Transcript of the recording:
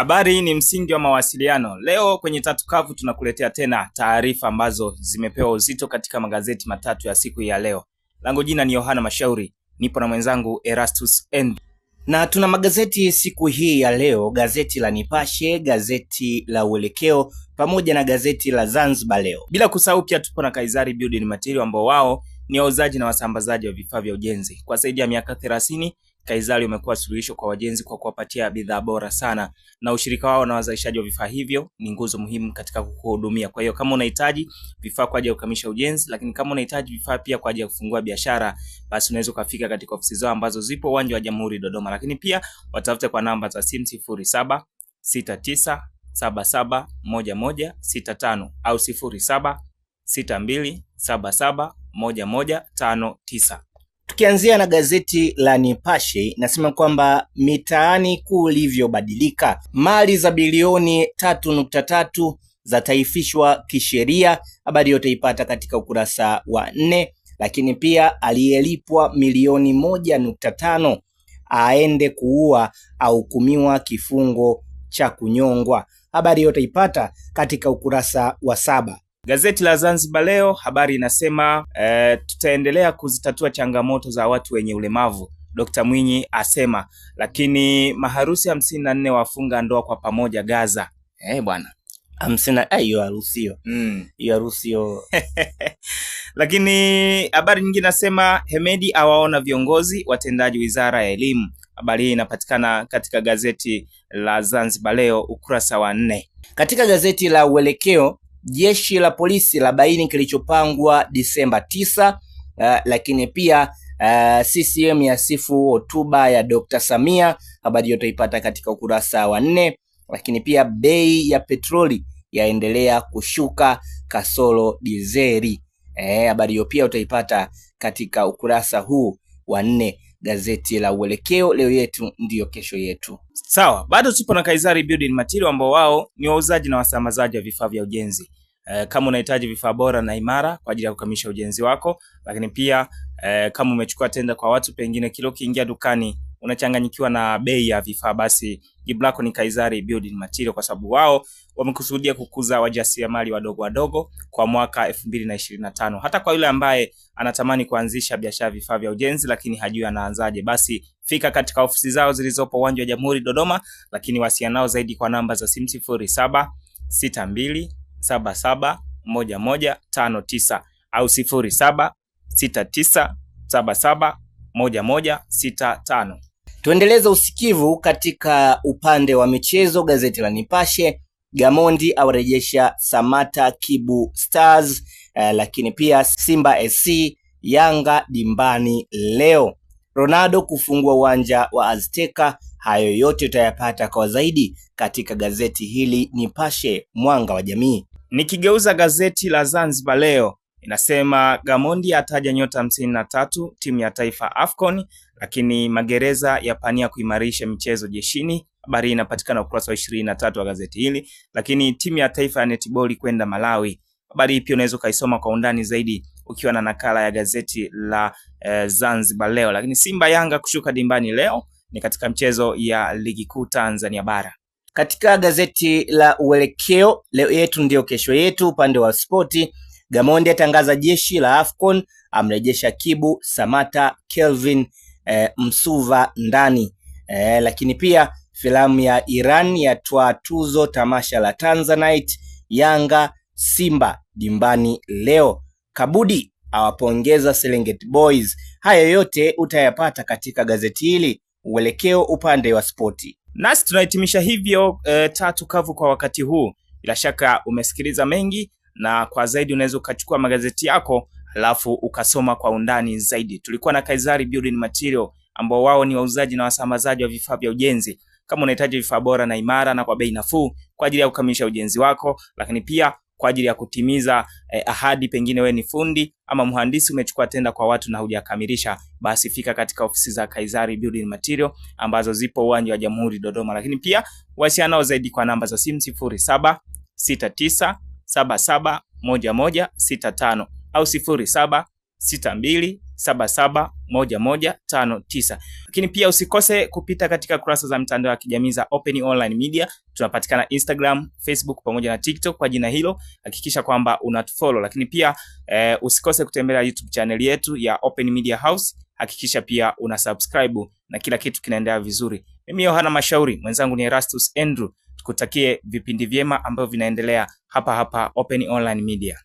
Habari ni msingi wa mawasiliano. Leo kwenye Tatu Kavu tunakuletea tena taarifa ambazo zimepewa uzito katika magazeti matatu ya siku ya leo. Langu jina ni Yohana Mashauri, nipo na mwenzangu Erastus N. Na tuna magazeti siku hii ya leo, gazeti la Nipashe, gazeti la Uelekeo pamoja na gazeti la Zanzibar Leo. Bila kusahau pia tupo na kaizari Building Material ambao wao ni wauzaji na wasambazaji wa vifaa vya ujenzi kwa zaidi ya miaka thelathini Kaizali umekuwa suluhisho kwa wajenzi kwa kuwapatia bidhaa bora sana, na ushirika wao na wazalishaji wa vifaa hivyo ni nguzo muhimu katika kukuhudumia. Kwa hiyo kama unahitaji vifaa kwa ajili ya kukamisha ujenzi, lakini kama unahitaji vifaa pia kwa ajili ya kufungua biashara, basi unaweza ukafika katika ofisi zao ambazo zipo uwanja wa Jamhuri Dodoma, lakini pia watafute kwa namba za simu sifuri saba sita tisa saba saba moja moja sita tano au sifuri saba sita mbili saba saba moja moja tano tisa. Tukianzia na gazeti la Nipashe nasema kwamba mitaani kulivyobadilika, mali za bilioni tatu nukta tatu zataifishwa kisheria. Habari yote ipata katika ukurasa wa nne. Lakini pia aliyelipwa milioni moja nukta tano aende kuua ahukumiwa kifungo cha kunyongwa. Habari yote ipata katika ukurasa wa saba. Gazeti la Zanzibar Leo habari inasema e, tutaendelea kuzitatua changamoto za watu wenye ulemavu Dr. Mwinyi asema, lakini maharusi hamsini na nne wafunga ndoa kwa pamoja Gaza. Eh, bwana hamsini eh, hiyo harusio hiyo mm. harusio. Lakini habari nyingine nasema Hemedi awaona viongozi watendaji wizara ya elimu. Habari hii inapatikana katika gazeti la Zanzibar Leo ukurasa wa nne. Katika gazeti la Uelekeo jeshi la polisi la baini kilichopangwa Disemba tisa. Uh, lakini pia uh, eh, CCM yasifu hotuba ya Dr. Samia. Habari yote ipata katika ukurasa wa nne. Lakini pia bei ya petroli yaendelea kushuka kasoro dizeli. Eh, habari hiyo pia utaipata katika ukurasa huu wa nne gazeti la Uelekeo, leo yetu ndiyo kesho yetu. Sawa, bado tupo na Kaisari Building Material ambao wao ni wauzaji na wasambazaji wa vifaa vya ujenzi. E, kama unahitaji vifaa bora na imara kwa ajili ya kukamilisha ujenzi wako, lakini pia e, kama umechukua tenda kwa watu, pengine kilo kiingia dukani unachanganyikiwa na bei ya vifaa, basi jibu lako ni Kaizari Building Material, kwa sababu wao wamekusudia kukuza wajasiriamali wadogo wadogo kwa mwaka 2025. Hata kwa yule ambaye anatamani kuanzisha biashara vifaa vya ujenzi lakini hajui anaanzaje, basi fika katika ofisi zao zilizopo uwanja wa Jamhuri Dodoma, lakini wasiana nao zaidi kwa namba za simu sifuri saba sita mbili saba saba moja moja tano tisa au sifuri saba sita tisa saba saba moja moja sita tano. Tuendeleze usikivu katika upande wa michezo. Gazeti la Nipashe, Gamondi awarejesha Samata Kibu Stars, eh, lakini pia Simba SC Yanga dimbani leo, Ronaldo kufungua uwanja wa Azteca. Hayo yote utayapata kwa zaidi katika gazeti hili Nipashe, mwanga wa jamii. Nikigeuza gazeti la Zanzibar Leo, Inasema Gamondi ataja nyota hamsini na tatu timu ya taifa AFCON, lakini magereza yapania kuimarisha michezo jeshini. Habari hii inapatikana ukurasa wa ishirini na tatu wa gazeti hili. Lakini timu ya taifa ya netiboli kwenda Malawi. Habari hii pia unaweza ukaisoma kwa undani zaidi ukiwa na nakala ya gazeti la eh, Zanzibar Leo. Lakini Simba Yanga kushuka dimbani leo ni katika mchezo ya ligi kuu Tanzania bara. Katika gazeti la Uelekeo, leo yetu ndiyo kesho yetu, upande wa spoti Gamondi atangaza jeshi la AFCON, amrejesha Kibu, Samata, Kelvin e, Msuva ndani e, lakini pia filamu ya Iran yatwaa tuzo tamasha la Tanzanite. Yanga Simba dimbani leo. Kabudi awapongeza Serengeti Boys. Haya yote utayapata katika gazeti hili Uelekeo, upande wa spoti. Nasi tunahitimisha hivyo e, tatu kavu kwa wakati huu. Bila shaka umesikiliza mengi na kwa zaidi unaweza ukachukua magazeti yako alafu ukasoma kwa undani zaidi. Tulikuwa na Kaizari Building Material ambao wao ni wauzaji na wasambazaji wa vifaa vya ujenzi. Kama unahitaji vifaa bora na imara na kwa bei nafuu kwa ajili ya kukamilisha ujenzi wako, lakini pia kwa ajili ya kutimiza eh, ahadi. Pengine we ni fundi ama mhandisi, umechukua tenda kwa watu na hujakamilisha, basi fika katika ofisi za Kaizari Building Material ambazo zipo uwanja wa Jamhuri Dodoma, lakini pia wasianao zaidi kwa namba za simu sifuri saba sita tisa 771165 au 0762771159. Lakini pia usikose kupita katika kurasa za mtandao wa kijamii za Open Online Media. Tunapatikana Instagram, Facebook pamoja na TikTok kwa jina hilo. Hakikisha kwamba unatufollow, lakini pia eh, usikose kutembelea YouTube channel yetu ya Open Media House. Hakikisha pia una subscribe na kila kitu kinaendelea vizuri. Mimi Yohana Mashauri, mwenzangu ni Erastus Andrew tukutakie vipindi vyema ambavyo vinaendelea hapa hapa Open Online Media.